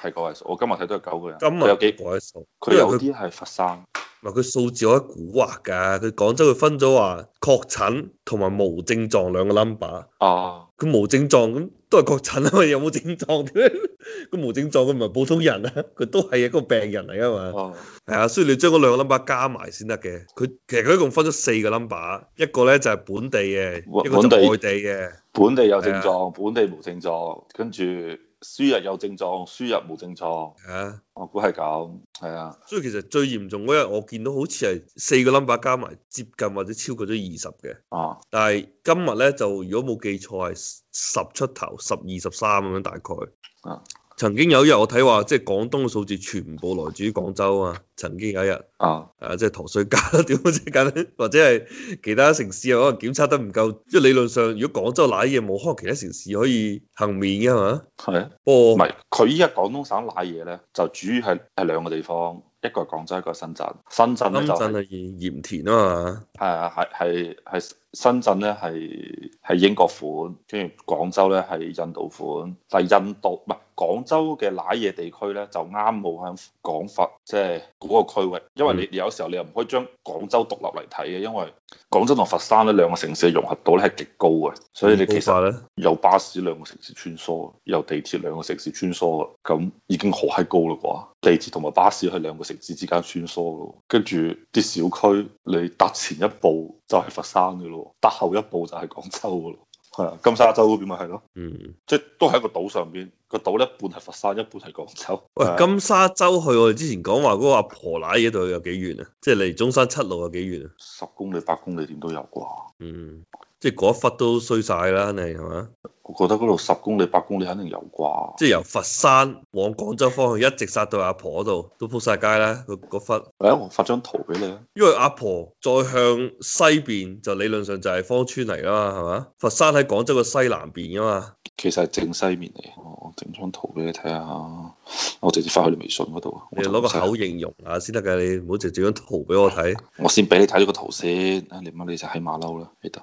係個位數，我今日睇到係九個人。今日有幾個位數？佢有啲係佛山。唔佢數字，我喺古惑噶。佢講佢分咗話確診同埋無症狀兩個 number。哦。佢無症狀咁都係確診啊？有冇症狀？點解？佢無症狀，佢唔係普通人啊！佢都係一個病人嚟噶嘛。哦。係啊，所以你將嗰兩個 number 加埋先得嘅。佢其實佢一共分咗四個 number，一個咧就係本地嘅，一個就，本地一個就外地嘅。本地有症狀，是啊、本地無症狀，跟住。輸入有症狀，輸入冇症狀，係啊，我估係咁，係啊，所以其實最嚴重嗰日我見到好似係四個 number 加埋接近或者超過咗二十嘅，哦、啊，但係今日咧就如果冇記錯係十出頭，十二十三咁樣大概，啊。曾經有一日我睇話，即係廣東嘅數字全部來自於廣州啊。曾經有一日啊，誒即係陀稅假點，或者係其他城市可能檢測得唔夠，即係理論上如果廣州攋嘢冇，可能其他城市可以幸免㗎嘛。係啊，不過唔係。佢依家廣東省攋嘢咧，就主要係係兩個地方，一個係廣州，一個係深圳。深圳咧就真係鹽田啊嘛。係啊，係係係，深圳咧係係英國款，跟住廣州咧係印度款，但係印度廣州嘅瀨嘢地區咧，就啱好喺廣佛即係嗰個區域，因為你有時候你又唔可以將廣州獨立嚟睇嘅，因為廣州同佛山呢兩個城市嘅融合度咧係極高嘅，所以你其實有巴士兩個城市穿梭，有地鐵兩個城市穿梭嘅，咁已經好閪高啦啩！地鐵同埋巴士喺兩個城市之間穿梭嘅，跟住啲小區，你搭前一步就係佛山嘅咯，搭後一步就係廣州嘅咯，係啊，金沙洲嗰邊咪係咯，嗯，即係都喺個島上邊。個島一半係佛山，一半係廣州。喂，金沙洲去我哋之前講話嗰個阿婆奶嘢度有幾遠啊？即係離中山七路有幾遠啊？十公里、八公里點都有啩？嗯，即係嗰一忽都衰晒啦，你定係嘛？我覺得嗰度十公里、八公里肯定有啩。即係由佛山往廣州方向一直殺到阿婆嗰度，都鋪晒街啦。個嗰忽，誒、欸，我發張圖俾你啊。因為阿婆再向西邊就理論上就係芳村嚟嘛，係嘛？佛山喺廣州嘅西南邊㗎嘛。其實係正西面嚟。整張圖俾你睇下，我直接發去你微信嗰度。你攞個口形容下先得㗎，你唔好直接張圖俾我睇。我先俾你睇咗個圖先，啊，你乜你就喺馬騮啦，得。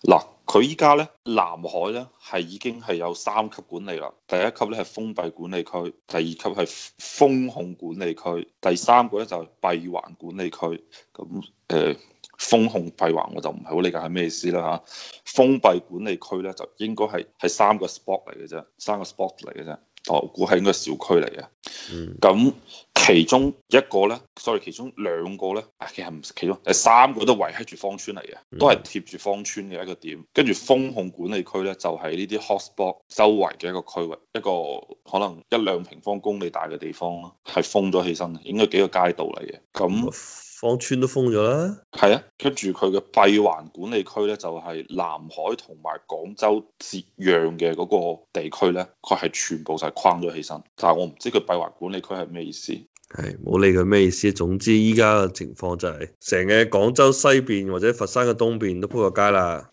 嗱，佢依家咧，南海咧係已經係有三級管理啦。第一級咧係封閉管理區，第二級係封控管理區，第三個咧就係閉環管理區。咁誒。封控閉環我就唔係好理解係咩意思啦、啊、嚇，封閉管理區咧就應該係係三個 spot 嚟嘅啫，三個 spot 嚟嘅啫，我估係應該小區嚟嘅。嗯。咁其中一個咧，sorry，其中兩個咧，啊，其實唔係其中係三個都圍喺住芳村嚟嘅，嗯、都係貼住芳村嘅一個點，跟住封控管理區咧就係呢啲 hot spot 周圍嘅一個區域，一個可能一兩平方公里大嘅地方咯，係封咗起身嘅，應該幾個街道嚟嘅。咁芳村都封咗啦，係啊，跟住佢嘅閉環管理區呢，就係南海同埋廣州接壤嘅嗰個地區呢，佢係全部就係框咗起身。但係我唔知佢閉環管理區係咩意思，係冇理佢咩意思，總之依家嘅情況就係成個廣州西邊或者佛山嘅東邊都鋪個街啦。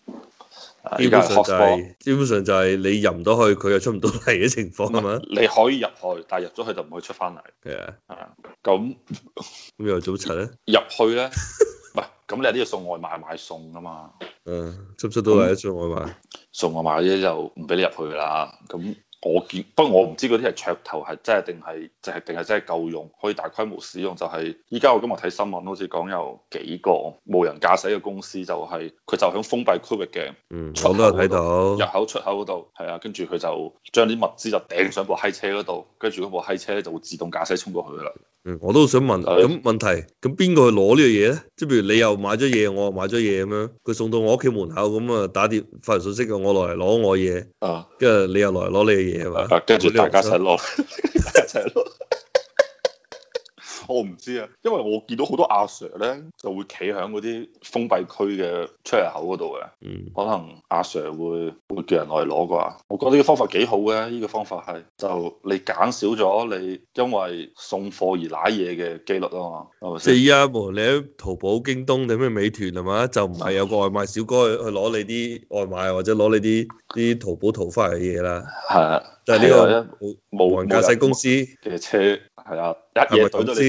基本上就係、是，基本上就係你入唔到去，佢又出唔到嚟嘅情況，係咪？你可以入去，但係入咗去就唔可以出翻嚟。係啊，咁咁又做乜柒咧？入去咧，唔係， 咁你係啲要送外賣、買餸啊嘛。嗯，出唔出都係一送外賣。送外賣嘅就唔俾你入去啦。咁。我見，我不過我唔知嗰啲係噱頭係真係定係，就係定係真係夠用，可以大規模使用。就係依家我今日睇新聞，好似講有幾個無人駕駛嘅公司，就係佢就喺封閉區域嘅，入口出口嗰度，入口出口嗰度，係啊，跟住佢就將啲物資就掟上部閪車嗰度，跟住嗰部閪車咧就會自動駕駛衝過去啦。嗯，我都想問咁問題，咁邊個去攞呢樣嘢咧？即係譬如你又買咗嘢，我買咗嘢咁樣，佢送到我屋企門口，咁啊打電發嚟信息嘅，我落嚟攞我嘢，啊，跟住你又落嚟攞你嘅嘢係嘛？啊，跟住、啊、大家一齊攞，一齊攞。我唔知啊，因為我見到好多阿 Sir 咧就會企喺嗰啲封閉區嘅出入口嗰度嘅，嗯、可能阿 Sir 會會叫人落嚟攞啩。我覺得呢個方法幾好嘅，呢、呢個方法係就你減少咗你因為送貨而攋嘢嘅機率啊嘛。即係依家無論你喺淘寶、京東定咩美團係嘛，就唔係有個外賣小哥去攞你啲外賣或者攞你啲啲淘寶淘翻嚟嘅嘢啦。係啊，即係呢個無人駕駛公司嘅車。係啊，一夜懟咗你四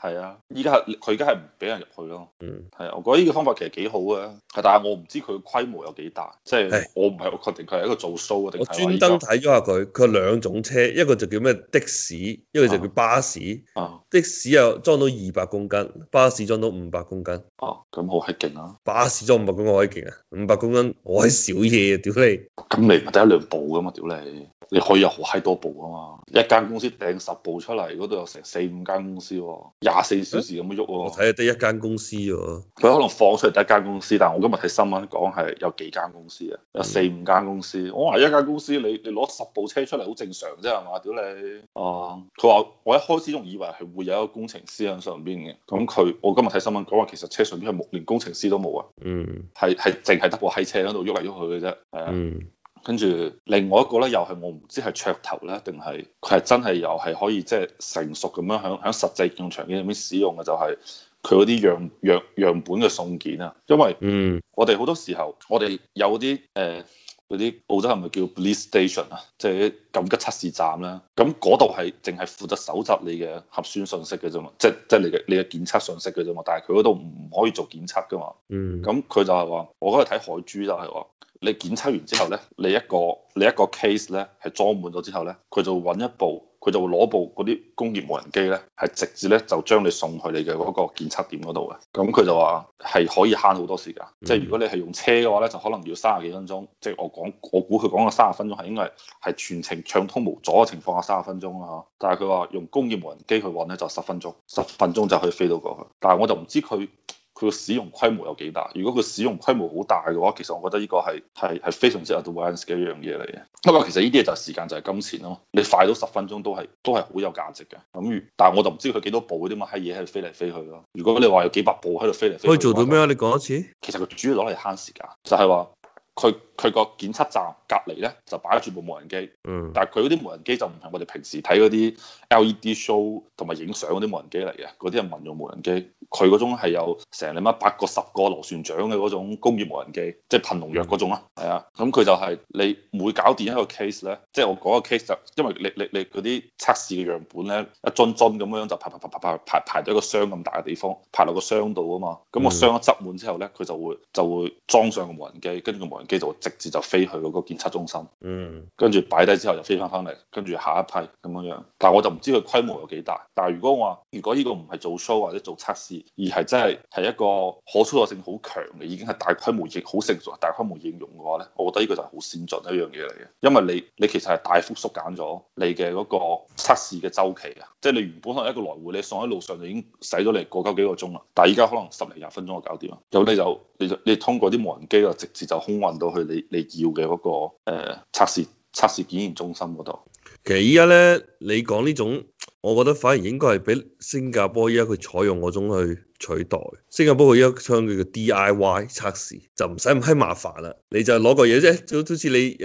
係啊，依家係佢而家係唔俾人入去咯。嗯，係啊，我覺得呢個方法其實幾好嘅。係，但係我唔知佢規模有幾大，即、就、係、是、我唔係好確定佢係一個做 show 啊定係。我專登睇咗下佢，佢有兩種車，一個就叫咩的士，一個就叫巴士。啊。啊的士又裝到二百公斤，巴士裝到五百公斤。哦，咁好閪勁啊！啊巴士裝五百公、啊、公斤，我閪勁啊！五百公斤，我閪少嘢啊！屌你，咁你咪得一兩部噶嘛？屌你。你可以有好閪多部啊嘛，一間公司訂十部出嚟，嗰度有成四五間公司，哦，廿四小時咁樣喐。我睇下得一間公司喎，哦，佢可能放出嚟得一間公司，但係我今日睇新聞講係有幾間公司啊，有四五間公司。嗯、我話一間公司，你你攞十部車出嚟好正常啫，係嘛？屌你！哦、嗯，佢話我一開始仲以為係會有一個工程師響上邊嘅，咁佢我今日睇新聞講話其實車上邊係冇，連工程師都冇啊。嗯。係係，淨係得個喺車喺度喐嚟喐去嘅啫。嗯。跟住另外一個咧，又係我唔知係噱頭咧，定係佢係真係又係可以即係成熟咁樣喺喺實際用場景入面使用嘅，就係佢嗰啲樣樣樣本嘅送件啊。因為嗯，我哋好多時候，我哋有啲誒啲澳洲係咪叫 Blitz Station 啊，即係啲緊急測試站啦。咁嗰度係淨係負責搜集你嘅核酸信息嘅啫嘛，即係即係你嘅你嘅檢測信息嘅啫嘛。但係佢嗰度唔可以做檢測噶嘛。嗯。咁佢就係話：我嗰度睇海珠啫，係話。你檢測完之後呢，你一個你一個 case 呢係裝滿咗之後呢，佢就揾一部，佢就會攞部嗰啲工業無人機呢，係直接呢就將你送去你嘅嗰個檢測點嗰度嘅。咁佢就話係可以慳好多時間，即係如果你係用車嘅話呢，就可能要三十幾分鐘。即係我講，我估佢講嘅三十分鐘係應該係全程暢通無阻嘅情況下三十分鐘咯，啊，但係佢話用工業無人機去揾呢，就十分鐘，十分鐘就可以飛到過去。但係我就唔知佢。佢個使用規模有幾大？如果佢使用規模好大嘅話，其實我覺得呢個係係係非常之 advanced 嘅一樣嘢嚟嘅。不過其實呢啲嘢就係時間就係、是、金錢咯。你快到十分鐘都係都係好有價值嘅。咁但係我就唔知佢幾多步嗰啲咁嘅嘢喺度飛嚟飛去咯。如果你話有幾百步喺度飛嚟飛去，可以做到咩啊？你講多次。其實佢主要攞嚟慳時間，就係話。佢佢個檢測站隔籬咧，就擺咗全部無人機。嗯。但係佢嗰啲無人機就唔係我哋平時睇嗰啲 LED show 同埋影相嗰啲無人機嚟嘅，嗰啲係民用無人機。佢嗰種係有成你媽八個十個螺旋槳嘅嗰種工業無人機，即係噴農藥嗰種咯。係啊。咁佢就係、係、你每搞掂一個 case 咧，即係我講個 case 就係、因為你你你嗰啲測試嘅樣本咧，一樽樽咁樣就排排排排排排咗個箱咁大嘅地方，排落個箱度啊嘛。咁個箱一執滿之後咧，佢就會就會裝上個無人機，跟住個無人機道直接就飛去嗰個檢測中心，嗯，跟住擺低之後就飛翻返嚟，跟住下一批咁樣樣。但係我就唔知佢規模有幾大。但係如果我話，如果呢個唔係做 show 或者做測試，而係真係係一個可操作性好強嘅，已經係大規模亦好成熟大規模應用嘅話呢，我覺得呢個就係好先進一樣嘢嚟嘅，因為你你其實係大幅縮減咗你嘅嗰個測試嘅周期啊。即係你原本係一個來回，你送喺路上就已經使咗你過夠幾個鐘啦。但係依家可能十零廿分鐘就搞掂啦。咁你就你就你,就你就通過啲無人機啊，直接就空運到去你你要嘅嗰個、那個誒、呃、測試測試檢驗中心嗰度。其實依家咧，你講呢種。我覺得反而應該係俾新加坡依家佢採用嗰種去取代。新加坡佢依家將佢嘅 D I Y 測試就唔使咁閪麻煩啦，你就攞個嘢啫，就好似你誒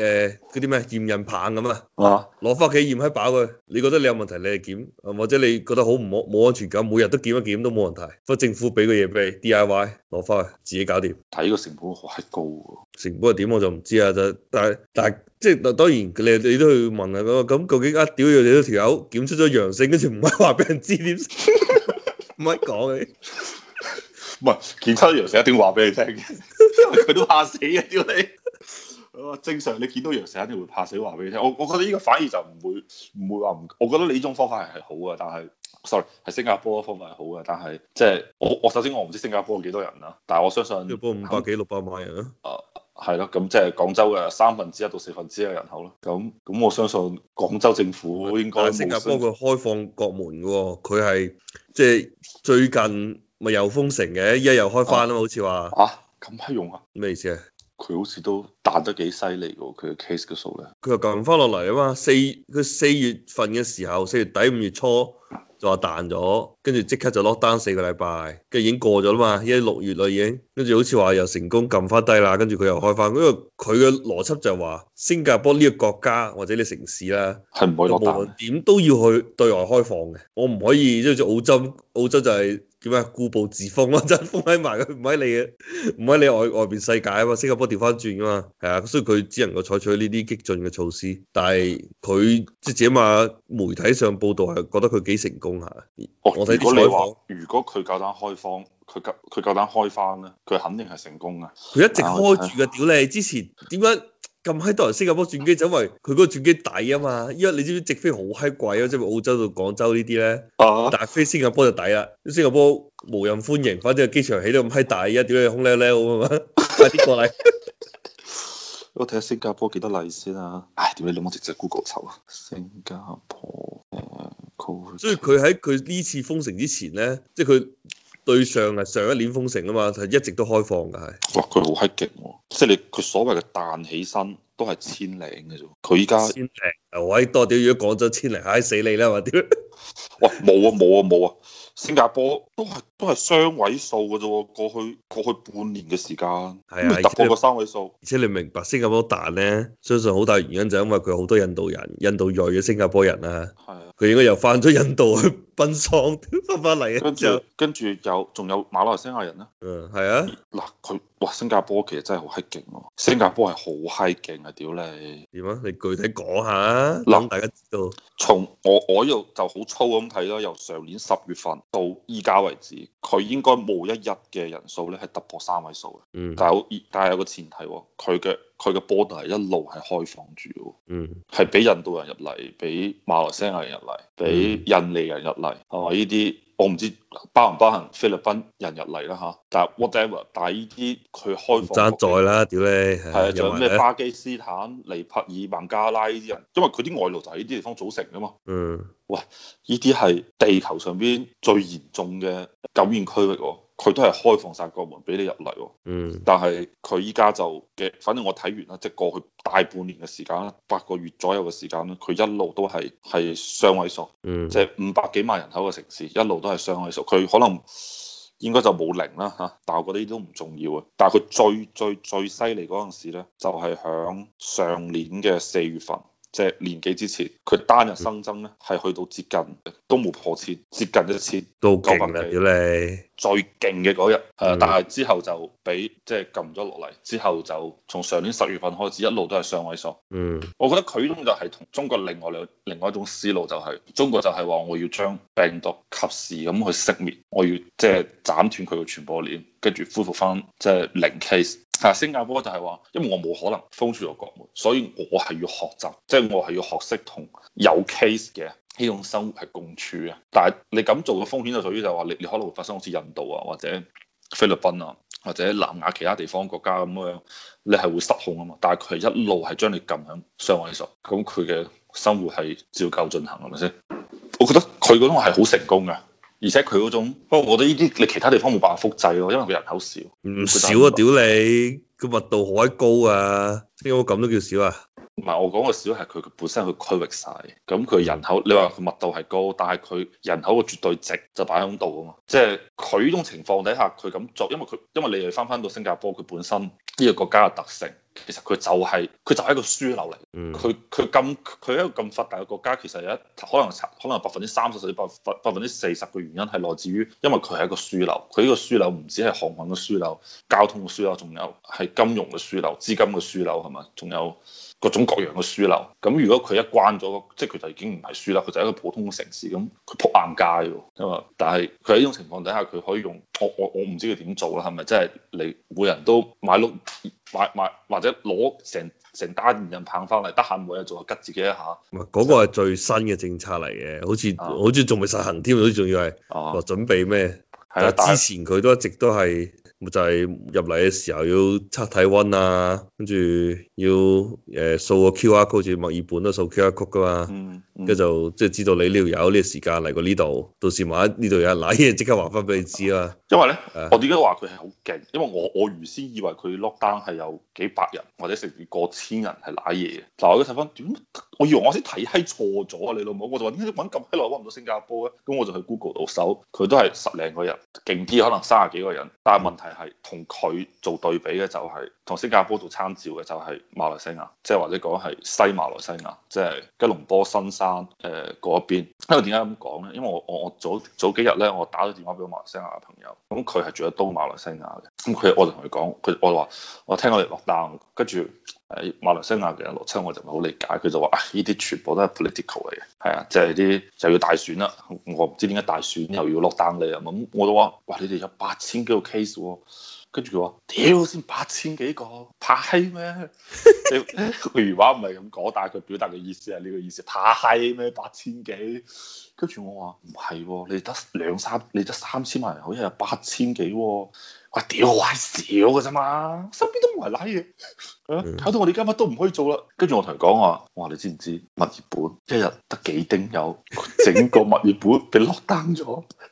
嗰啲咩驗孕棒咁啊，攞翻屋企驗閪飽佢。你覺得你有問題你係檢，或者你覺得好唔安冇安全感，每日都檢一檢都冇問題。不過政府俾個嘢俾你 D I Y，攞翻去自己搞掂。但係呢個成本好閪高喎，成本係點我就唔知啊。就但係但係即係當然你你都去問啊咁，咁究竟一屌又幾多條友檢出咗陽性？整嗰條唔可以話俾人知點，唔可以講嘅。唔係見到楊 Sir 一定話俾你聽，因為佢都怕死啊！屌你， 正常你見到楊 Sir 一定會怕死，話俾你聽。我我覺得呢個反而就唔會唔會話唔，我覺得你呢種方法係係好嘅，但係，sorry，係新加坡嘅方法係好嘅，但係即係我我首先我唔知新加坡有幾多人啦，但係我相信一般五百幾六百萬人啊。係咯，咁即係廣州嘅三分之一到四分之一嘅人口咯。咁咁我相信廣州政府應該但係新加坡佢開放國門嘅喎、哦。佢係即係最近咪又封城嘅，而家又開翻啊好似話嚇咁閪用啊？咩意思啊？佢好似都彈得幾犀利嘅喎，佢嘅 case 嘅數呢，佢又降翻落嚟啊嘛。四佢四月份嘅時候，四月底五月初。就話彈咗，跟住即刻就落單四個禮拜，跟住已經過咗啦嘛，已經六月啦已經，跟住好似話又成功撳翻低啦，跟住佢又開翻，因為佢嘅邏輯就係話，新加坡呢個國家或者你城市啦，係唔可以落單，點都要去對外開放嘅，我唔可以，因為澳洲，澳洲就係。叫咩？固步自封咯，真封喺埋佢，唔喺你嘅，唔喺你外外邊世界啊嘛。新加坡調翻轉噶嘛，係啊，所以佢只能夠採取呢啲激進嘅措施。但係佢即係最起碼媒體上報導係覺得佢幾成功嚇。哦、我睇啲採訪。如果佢夠膽開方，佢夠佢夠膽開翻咧，佢肯定係成功啊。佢一直開住嘅，屌你、哎呀！之前點樣？咁閪多人新加坡轉機走，因為佢嗰個轉機抵啊嘛，因為你知唔知直飛好閪貴啊？即係澳洲到廣州呢啲咧，但係飛新加坡就抵啦。新加坡無人歡迎，反正個機場起得咁閪大，一屌你空咧咧咁啊！ 快啲過嚟， 我睇下新加坡幾多例先啊！唉，解你老母，直接 Google 搜啊！新加坡即係佢喺佢呢次封城之前咧，即係佢。對上係，上一年封城啊嘛，係一直都開放㗎，係。哇！佢好閪勁喎，即係你佢所謂嘅彈起身都係千零嘅啫，佢依家千零喂，多屌！如果講咗千零，唉、哎、死你啦話屌！ 哇，冇啊冇啊冇啊！新加坡都係都係雙位數嘅啫喎，過去過去半年嘅時間，未、啊、突破個三位數而。而且你明白新加坡但咧，相信好大原因就因為佢好多印度人、印度裔嘅新加坡人啊。係啊。佢應該又翻咗印度去奔喪翻翻嚟嘅。跟住跟住有仲有馬來西亞人啊。嗯，係啊。嗱佢哇新加坡其實真係好閪勁喎！新加坡係好閪勁啊屌你！點啊？你具體講下啊，諗大家知道。從我我呢度就好粗咁。睇啦，由上年十月份到依家為止，佢應該冇一日嘅人數咧係突破三位數嘅。嗯但，但係好，但係有個前提喎，佢嘅。佢嘅 border 一路係開放住，嗯，係俾印度人入嚟，俾馬來西亞人入嚟，俾、嗯、印尼人入嚟，係嘛、嗯？依啲我唔知包唔包含菲律賓人入嚟啦嚇，但係 whatever，但係呢啲佢開放。爭在啦，屌你是！係啊，仲有咩巴基斯坦、尼泊爾、孟加拉呢啲人，因為佢啲外勞就係呢啲地方組成㗎嘛。嗯。喂，依啲係地球上邊最嚴重嘅感染區域喎、啊。佢都係開放晒個門俾你入嚟，嗯，但係佢依家就嘅，反正我睇完啦，即係過去大半年嘅時間啦，八個月左右嘅時間啦，佢一路都係係雙位數，即係五百幾萬人口嘅城市，一路都係雙位數，佢可能應該就冇零啦嚇，但係我覺得呢啲都唔重要啊。但係佢最最最犀利嗰陣時呢，就係響上年嘅四月份，即係年幾之前，佢單日新增呢，係去到接近都冇破千，接近一千九百幾。最勁嘅嗰日，誒，但係之後就俾即係撳咗落嚟，之後就從上年十月份開始一路都係上位數。嗯， 我覺得佢呢就係同中國另外兩另外一種思路，就是，就係中國就係話我要將病毒及時咁去熄滅，我要即係斬斷佢嘅傳播鏈，跟住恢復返即係零 case。嚇，新加坡就係話，因為我冇可能封住個國門，所以我係要學習，即、就、係、是、我係要學識同有 case 嘅。呢種生活係共處啊，但係你咁做嘅風險就屬於就話你你可能會發生好似印度啊或者菲律賓啊或者南亞其他地方國家咁樣，你係會失控啊嘛，但係佢係一路係將你撳響雙位數，咁佢嘅生活係照舊進行係咪先？我覺得佢嗰種係好成功嘅，而且佢嗰種不過我覺得呢啲你其他地方冇辦法複製咯，因為佢人口少，唔少啊屌你，個密度好閪高啊，點解咁都叫少啊？唔係我講嘅少係佢本身佢區域晒，咁佢人口、嗯、你話佢密度係高，但係佢人口嘅絕對值就擺喺度啊嘛，即係佢種情況底下佢咁作，因為佢因為你係翻翻到新加坡，佢本身呢個國家嘅特性，其實佢就係、是、佢就係一個樞紐嚟，佢佢咁佢一個咁發達嘅國家，其實有一可能可能百分之三十至百百百分之四十嘅原因係來自於，因為佢係一個樞紐，佢呢個樞紐唔止係航運嘅樞紐、交通嘅樞紐，仲有係金融嘅樞紐、資金嘅樞紐係嘛，仲有。各種各樣嘅輸流，咁如果佢一關咗，即係佢就已經唔係輸啦，佢就係一個普通嘅城市，咁佢撲硬街喎，咁但係佢喺呢種情況底下，佢可以用我我我唔知佢點做啦，係咪即係你每人都買碌買買或者攞成成單人棒翻嚟，得閒每日做下拮自己一下。唔係嗰個係最新嘅政策嚟嘅，好似、啊、好似仲未實行添，都仲要係哦、啊、準備咩？係啊，之前佢都一直都係。就係入嚟嘅時候要測體溫啊，跟住要誒掃個 QR code，墨爾本都掃 QR code 噶嘛，跟住、嗯嗯、就即係知道你呢度有呢個時間嚟過呢、這、度、個，到時萬一呢度有拉嘢，即刻話翻俾你知啊！因為咧，的我點解話佢係好勁？因為我我原先以為佢 lock down 係有幾百人或者甚至過千人係拉嘢嘅，嗱我一睇翻點，我以為我先睇係錯咗啊！你老母，我就話點解揾咁閪耐揾唔到新加坡啊！咁我就去 Google 度搜，佢都係十零個人，勁啲可能卅幾個人，但係問題。係同佢做對比嘅就係同新加坡做參照嘅就係馬來西亞，即係或者講係西馬來西亞，即係吉隆坡新山誒嗰一邊。因為點解咁講呢？因為我我我早早幾日咧，我打咗電話俾馬來西亞嘅朋友，咁佢係住喺東馬來西亞嘅。咁佢我同佢講，佢我話我就聽我哋落單，跟住喺馬來西亞嘅人落七我就唔係好理解，佢就話啊，呢啲全部都係 political 嚟嘅，係啊，即係啲就要大選啦，我唔知點解大選又要落單你啊，咁我都話，哇你哋有八千幾個 case 喎。跟住佢話：屌，先八千幾個，怕閪咩？ 你佢語話唔係咁講，但係佢表達嘅意思係呢個意思，怕閪咩？八千幾？跟住我話唔係喎，你得兩三，你得三千萬人口一日八千幾？我話屌，少嘅啫嘛，身邊都冇人拉嘢，搞、啊、到我哋而家乜都唔可以做啦。跟住我同佢講話，我話你知唔知墨爾本一日得幾丁友？整個墨爾本被 lockdown 咗。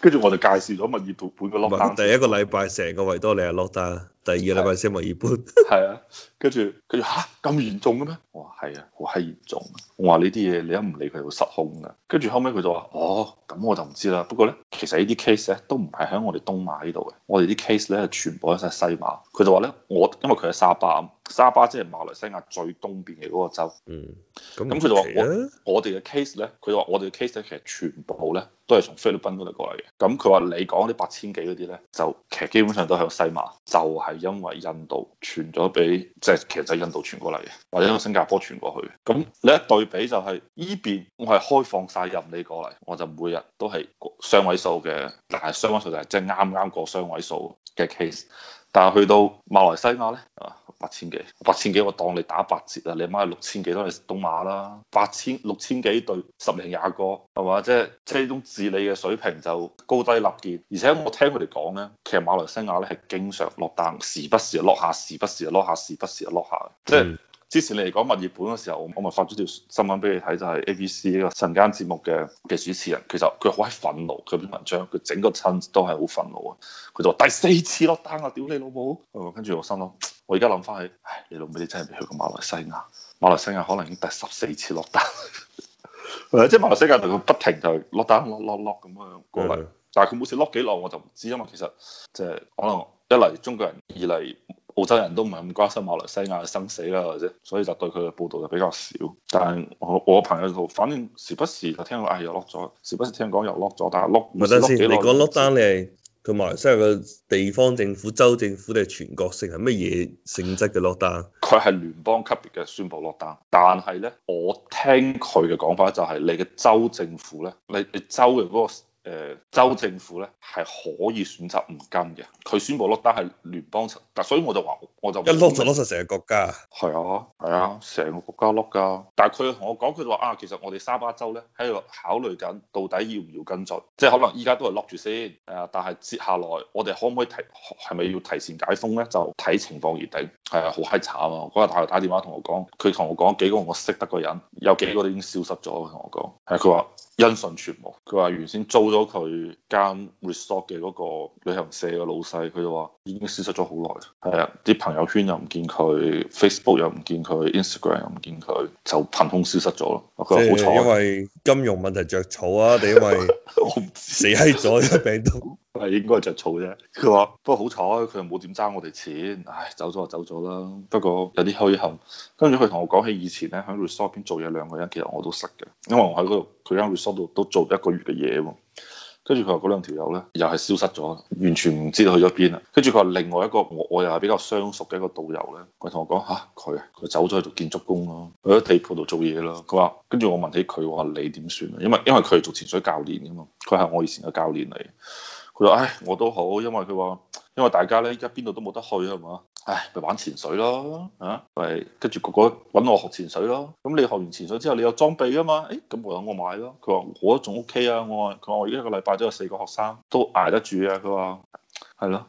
跟住我就介紹咗墨爾本嘅 lockdown，第一個禮拜成個維多利亞 lockdown。第二個禮拜先冇搬，係啊，跟住跟住吓咁嚴重嘅咩？我話係啊，好閪嚴重。我話呢啲嘢你一唔理佢會，會失控噶。跟住後尾，佢就話哦，咁我就唔知啦。不過咧，其實呢啲 case 咧都唔係響我哋東馬呢度嘅，我哋啲 case 咧係全部喺晒西馬。佢就話咧，我因為佢係沙巴啊，沙巴即係馬來西亞最東邊嘅嗰個州。嗯，咁佢就話我哋嘅 case 咧，佢就話我哋嘅 case 咧其實全部咧都係從菲律賓嗰度過嚟嘅。咁佢話你講啲八千幾嗰啲咧，就其實基本上都響西馬，就係，是。係因為印度傳咗俾，即係其實就係印度傳過嚟嘅，或者我新加坡傳過去，咁你一對比就係依邊，我係開放晒任你過嚟，我就每日都係雙位數嘅，但係雙位數就係即係啱啱過雙位數嘅 case。但係去到馬來西亞咧啊！八千幾，八千幾我當你打八折啊！你買六千幾都係東馬啦，八千六千幾，對十零廿個，係嘛？即係即係呢種治理嘅水平就高低立見。而且我聽佢哋講咧，其實馬來西亞咧係經常落單，時不時落下，時不時落下，時不時落下。時之前你嚟講物業本嘅時候，我咪發咗條新聞俾你睇，就係、是、A B C 呢個晨間節目嘅嘅主持人，其實佢好憤怒佢篇文章，佢整個身都係好憤怒啊！佢就話第四次落單啊，屌你老母！跟、嗯、住我心諗，我而家諗翻起，唉，你老母你真係未去過馬來西亞，馬來西亞可能已經第十四次落單，即 係馬來西亞就佢不停就落單落落落咁樣過嚟，的但係佢每次落幾耐，我就唔知，因為其實即、就、係、是、可能一嚟中國人，二嚟。澳洲人都唔係咁關心馬來西亞嘅生死啦，者，所以就對佢嘅報道就比較少。但係我我朋友就反正時不時就聽到哎又落咗，時不時聽講又落咗，但係 l 唔係等先。你講落 o c k d o 你係同馬來西亞嘅地方政府、州政府定係全國性係乜嘢性質嘅落 o 佢係聯邦級別嘅宣布落 o 但係咧我聽佢嘅講法就係、是、你嘅州政府咧，你你州嘅嗰、那個。誒州政府咧係可以選擇唔跟嘅，佢宣布碌單係聯邦層，但所以我就話，我就一碌就碌曬成個國家。係啊，係啊，成個國家碌㗎。但係佢同我講，佢就話啊，其實我哋沙巴州咧喺度考慮緊，到底要唔要跟進，即係可能依家都係碌住先。係，但係接下來我哋可唔可以提，係咪要提前解封咧？就睇情況而定。係啊，好閪慘啊！嗰日打嚟打電話同我講，佢同我講幾個我識得個人，有幾個都已經消失咗。同我講，係佢話。音信全無，佢話原先租咗佢間 resort 嘅嗰個旅行社嘅老細，佢就話已經消失咗好耐，係啊，啲朋友圈又唔見佢，Facebook 又唔見佢，Instagram 又唔見佢，就憑空消失咗咯。佢話好彩，因為金融問題着草啊，你因為死喺咗呢個病毒。 知 係應該係著草啫。佢話不過好彩，佢又冇點爭我哋錢。唉，走咗就走咗啦。不過有啲虛憾。跟住佢同我講起以前咧，喺 Resort 邊做嘢兩個人，其實我都識嘅，因為我喺嗰度佢間 Resort 度都做一個月嘅嘢喎。跟住佢話嗰兩條友咧，又係消失咗，完全唔知道去咗邊啦。跟住佢話另外一個我我又係比較相熟嘅一個導遊咧，佢同我講吓，佢佢走咗去做建築工咯，喺地盤度做嘢咯。佢話跟住我問起，佢話你點算啊？因為因為佢係做潛水教練嘅嘛，佢係我以前嘅教練嚟。佢話：唉，我都好，因為佢話，因為大家咧，依家邊度都冇得去啊，係嘛？唉，咪玩潛水咯，嚇、啊，咪跟住哥哥揾我學潛水咯。咁你學完潛水之後，你有裝備噶嘛？誒，咁咪搵我買咯。佢話我仲 O K 啊，我話佢話我一個禮拜都有四個學生都捱得住啊。佢話係咯，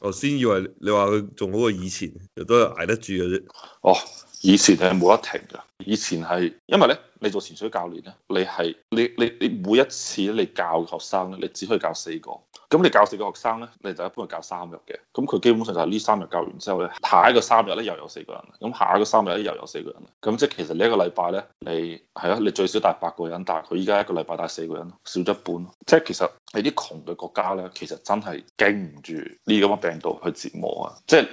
頭先以為你話佢仲好過以前，亦都係捱得住嘅啫。哦，以前係冇得停㗎。以前係，因為咧，你做潛水教練咧，你係你你你每一次你教學生咧，你只可以教四個。咁你教四個學生咧，你就一般係教三日嘅。咁佢基本上就係呢三日教完之後咧，下一個三日咧又有四個人，咁下一個三日咧又有四個人。咁即係其實你一個禮拜咧，你係啊，你最少帶八個人，但係佢依家一個禮拜帶四個人，少咗一半咯。即係其實你啲窮嘅國家咧，其實真係經唔住呢啲咁嘅病毒去折磨啊！即係。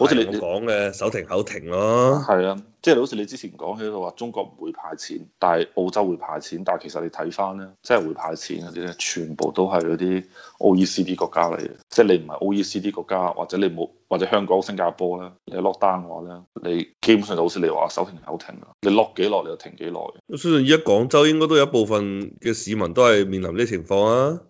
好似你講嘅你手停口停咯，啊，係啊，即係好似你之前講起到話中國唔會派錢，但係澳洲會派錢，但係其實你睇翻咧，即係會派錢嗰啲咧，全部都係嗰啲 OECD 國家嚟嘅，即係你唔係 OECD 國家或者你冇或者香港、新加坡咧，你落單嘅話咧，你基本上就好似你話手停口停啦，你落幾耐你就停幾耐。咁雖然而家廣州應該都有一部分嘅市民都係面臨呢情況啊。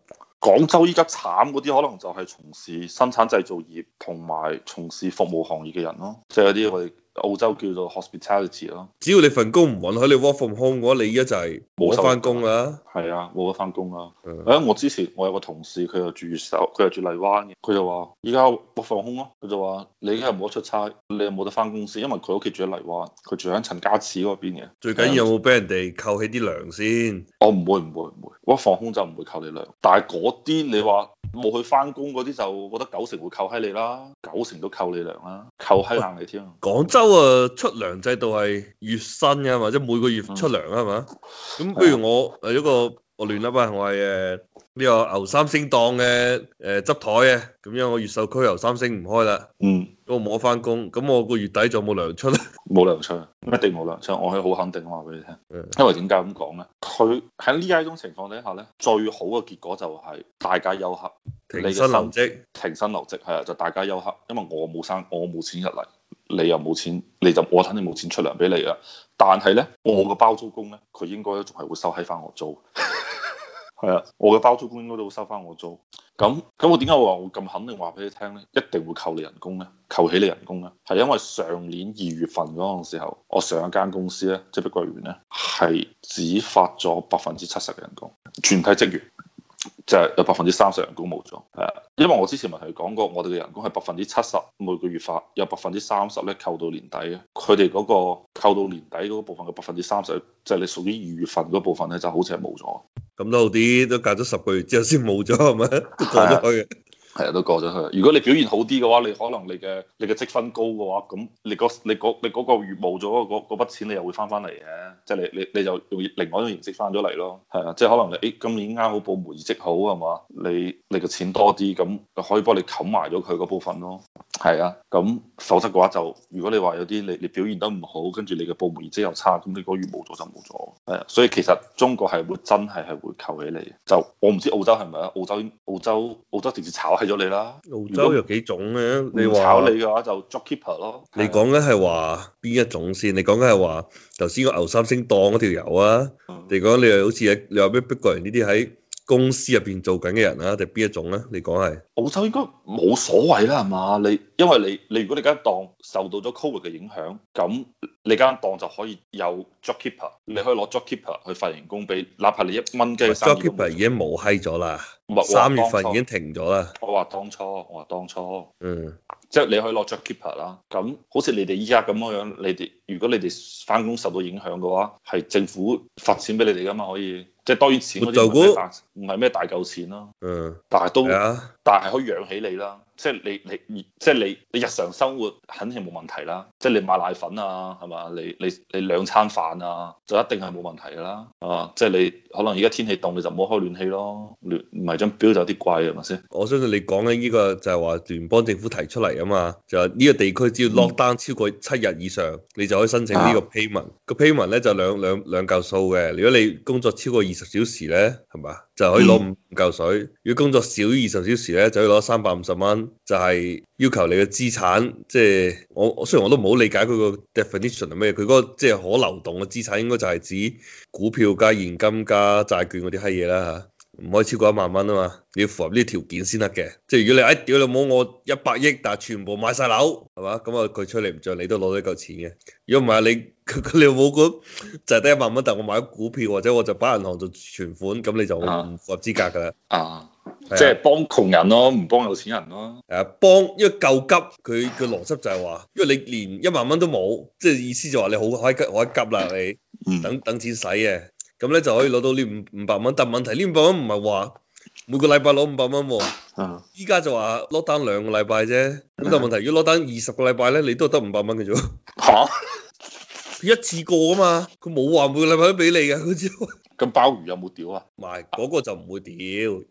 廣州依家慘嗰啲，可能就係從事生產製造業同埋從事服務行業嘅人咯，即係嗰啲我哋。澳洲叫做 hospitality 咯，只要你份工唔允許你 work from home 嘅話，你依家就係冇得翻工啦。係啊，冇得翻工啦。誒、嗯，我之前我有個同事，佢又住首，佢又住荔灣嘅，佢就話依家 work from home 咯，佢就話你依家冇得出差，你又冇得翻公司，因為佢屋企住喺荔灣，佢住喺陳家祠嗰邊嘅。最緊要有冇俾人哋扣起啲糧先？嗯、我唔會唔會唔會，work from home 就唔會扣你糧。但係嗰啲你話冇去翻工嗰啲，就覺得九成會扣閪你啦，九成都扣你糧啦，扣閪硬你添。講、啊、真。收啊，出糧制度係月薪嘅，或者每個月出糧啊嘛。咁、嗯，不如我誒一個我亂諗啊，我係誒呢個牛三星檔嘅誒執台嘅，咁、呃、樣我越秀區牛三星唔開啦，嗯，都我冇得翻工，咁我個月底就冇糧出？冇糧、嗯、 出，一定冇糧出，我可以好肯定話俾你聽。嗯、因為點解咁講咧？佢喺呢一種情況底下咧，最好嘅結果就係大家休克，停薪留職，停薪留職係啊，就大家休克，因為我冇生，我冇錢入嚟。你又冇錢，你就我肯定冇錢出糧俾你啦。但係呢，我個包租公呢，佢應該都仲係會收喺翻我租。係 啊，我嘅包租公應該都會收翻我租。咁咁，我點解會話我咁肯定話俾你聽呢？一定會扣你人工呢，扣起你人工呢。係因為上年二月份嗰個時候，我上一間公司呢，即係碧桂園呢，係只發咗百分之七十嘅人工，全體職員。就係有百分之三十人工冇咗的，係啊，因為我之前咪係講過，我哋嘅人工係百分之七十每個月發，有百分之三十咧扣到年底嘅。佢哋嗰個扣到年底嗰部分嘅百分之三十，就係、是、你屬於二月份嗰部分咧，就好似係冇咗。咁都好啲，都隔咗十個月之後先冇咗，係咪？好嘅。係啊，都過咗去。如果你表現好啲嘅話，你可能你嘅你嘅積分高嘅話，咁你嗰你你嗰個月冇咗嗰嗰筆錢，你又會翻翻嚟嘅，即係你你你就用另外一種形式翻咗嚟咯。係啊，即係可能你誒、欸、今年啱好部門業績好係嘛？你你嘅錢多啲，咁可以幫你冚埋咗佢嗰部分咯。係啊，咁否則嘅話就，如果你話有啲你你表現得唔好，跟住你嘅部門業績又差，咁你嗰月冇咗就冇咗。係啊，所以其實中國係會真係係會扣起嚟，就我唔知澳洲係咪？係澳洲澳洲澳洲直接炒。係咗你啦，澳洲有幾種咧？你炒你嘅話就 job keeper 咯。你講緊係話邊一種先？是的 你講緊係話頭先個牛三星檔嗰條友啊？是的 你講你又好似你話咩？碧桂園呢啲喺公司入邊做緊嘅人啊，定邊一種咧？你講係澳洲應該冇所謂啦，係嘛？你因為你你如果你間檔受到咗 COVID 嘅影響，咁你間檔就可以有 job keeper，你可以攞 job keeper 去發人工俾，哪怕你一蚊雞嘅生意。job keeper 已經冇閪咗啦。三月份已經停咗啦。我話當初，我話當初。嗯，即係你可以攞著 keeper 啦。咁好似你哋依家咁樣，你哋如果你哋翻工受到影響嘅話，係政府發錢俾你哋噶嘛？可以，即係當然錢嗰啲唔係唔係咩大嚿錢咯。嗯，但係都但係可以養起你啦，即係你你即係你你日常生活肯定冇問題啦，即係你買奶粉啊，係嘛？你你你兩餐飯啊，就一定係冇問題噶啦，係嘛？即、就、係、是、你可能而家天氣凍，你就唔好開暖氣咯，暖唔係張表就有啲貴係咪先？我相信你講緊呢個就係話聯邦政府提出嚟啊嘛，就係、是、呢個地區只要落單超過七日以上，嗯、你就可以申請個 payment，啊、呢個 payment。個 payment 咧就是、兩兩兩嚿數嘅，如果你工作超過二十小時咧，係嘛？就可以攞五嚿水。如果工作少於二十小時咧。嗯就要攞三百五十蚊，就係要求你嘅資產，即係我我雖然我都唔好理解佢個 definition 係咩，佢嗰個即係可流動嘅資產應該就係指股票加現金加債券嗰啲閪嘢啦嚇，唔可以超過一萬蚊啊嘛，你要符合呢啲條件先得嘅。即係如果你哎屌你冇我一百億，但係全部買晒樓，係嘛？咁啊佢出嚟唔漲，你都攞得夠錢嘅。如果唔係你， 你老母個就係得一萬蚊，但我買咗股票或者我就擺銀行做存款，咁你就唔符合資格㗎啦。啊。Uh, uh. 即係幫窮人咯、啊，唔幫有錢人咯、啊。誒、啊，幫因為救急，佢嘅邏輯就係話，因為你連一萬蚊都冇，即係意思就話你好快急，好急啦你等，等、嗯、等錢使嘅。咁咧就可以攞到呢五五百蚊。但問題呢五百蚊唔係話每個禮拜攞五百蚊喎。啊！依家、啊、就話攞單兩個禮拜啫。咁但係問題，如果攞單二十個禮拜咧，你都得五百蚊嘅啫。嚇、啊！ 一次過啊嘛，佢冇話每個禮拜都俾你嘅，佢只。咁鮑魚有冇屌啊？唔係，嗰、那個就唔會屌，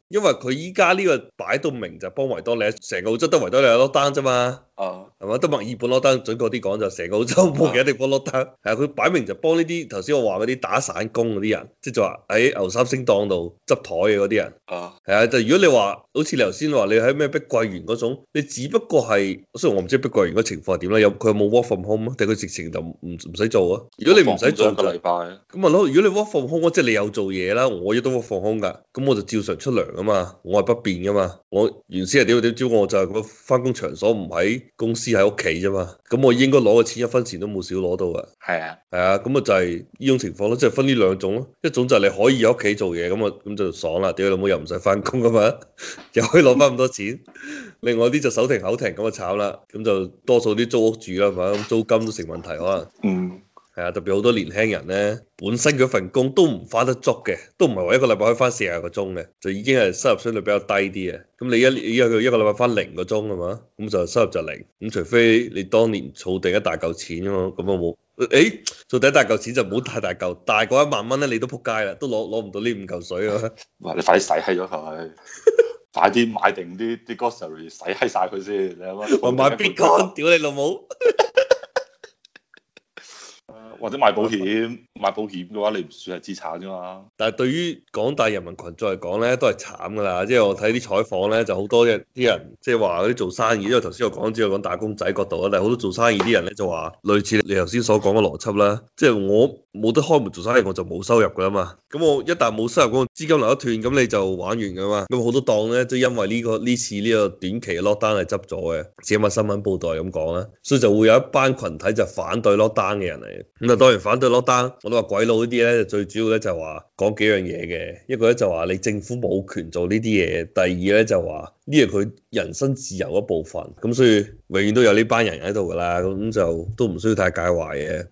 因為佢依家呢個擺到明就幫維多利亞，成個澳洲得維多利亞攞單啫嘛。啊，係嘛？都墨爾本攞得準確啲講，就成個澳洲冇幾多地方攞得。係啊，佢擺明就幫呢啲頭先我話嗰啲打散工嗰啲人，即就話喺牛三星檔度執台嘅嗰啲人。啊，係啊，就如果你話好似你頭先話你喺咩碧桂園嗰種，你只不過係雖然我唔知碧桂園嗰情況點啦，有佢有冇 work from home 啊？定佢直情就唔唔使做啊？如果你唔使做一個禮拜，咁咪咯？如果你 work from home 即係你有做嘢啦。我亦都 work from home 噶，咁我就照常出糧啊嘛。我係不變噶嘛。我原先係點點招我就係咁，翻工場所唔喺，公司喺屋企啫嘛，咁我應該攞嘅錢一分錢都冇少攞到啊。係啊，係啊，咁啊就係呢種情況咯，即係分呢兩種咯。一種就係你可以喺屋企做嘢，咁啊咁就爽啦，屌老母又唔使翻工噶嘛， 又可以攞翻咁多錢。 另外啲就手停口停咁啊慘啦，咁就多數啲租屋住啦，係咪啊？租金都成問題可能。嗯。係啊，特別好多年輕人咧，本身佢份工都唔翻得足嘅，都唔係話一個禮拜可以翻四十個鐘嘅，就已經係收入相對比較低啲啊。咁你一年依一個禮拜翻零個鐘啊嘛，咁就收入就零。咁除非你當年儲定一大嚿錢啊嘛，咁啊冇。誒、欸，做第一大嚿錢就唔好太大嚿，大過一萬蚊咧， 你都扑街啦，都攞攞唔到呢五嚿水啊。你快啲洗閪咗佢，快啲買定啲啲 grocery，使閪晒佢先。你諗下，我買 bitcoin 屌你老母！或者買保險，買保險嘅話，你唔算係資產啫嘛。但係對於廣大人民群眾嚟講咧，都係慘㗎啦。即係我睇啲採訪咧，就好多嘅啲人，即係話嗰啲做生意，因為頭先我講咗講打工仔角度啊。但係好多做生意啲人咧，就話類似你頭先所講嘅邏輯啦。即係我冇得開門做生意，我就冇收入㗎嘛。咁我一旦冇收入，嗰個資金流一斷，咁你就玩完㗎嘛。咁好多檔咧都因為呢個呢次呢個短期嘅 lockdown 係執咗嘅，只係因為新聞報道係咁講啦。所以就會有一班群體就反對 lockdown 嘅人嚟。就當然反對 lockdown，我都話鬼佬呢啲咧，最主要咧就係話講幾樣嘢嘅。一個咧就係話你政府冇權做呢啲嘢，第二咧就係話呢係佢人身自由一部分，咁所以永遠都有呢班人喺度㗎啦，咁就都唔需要太介懷嘅。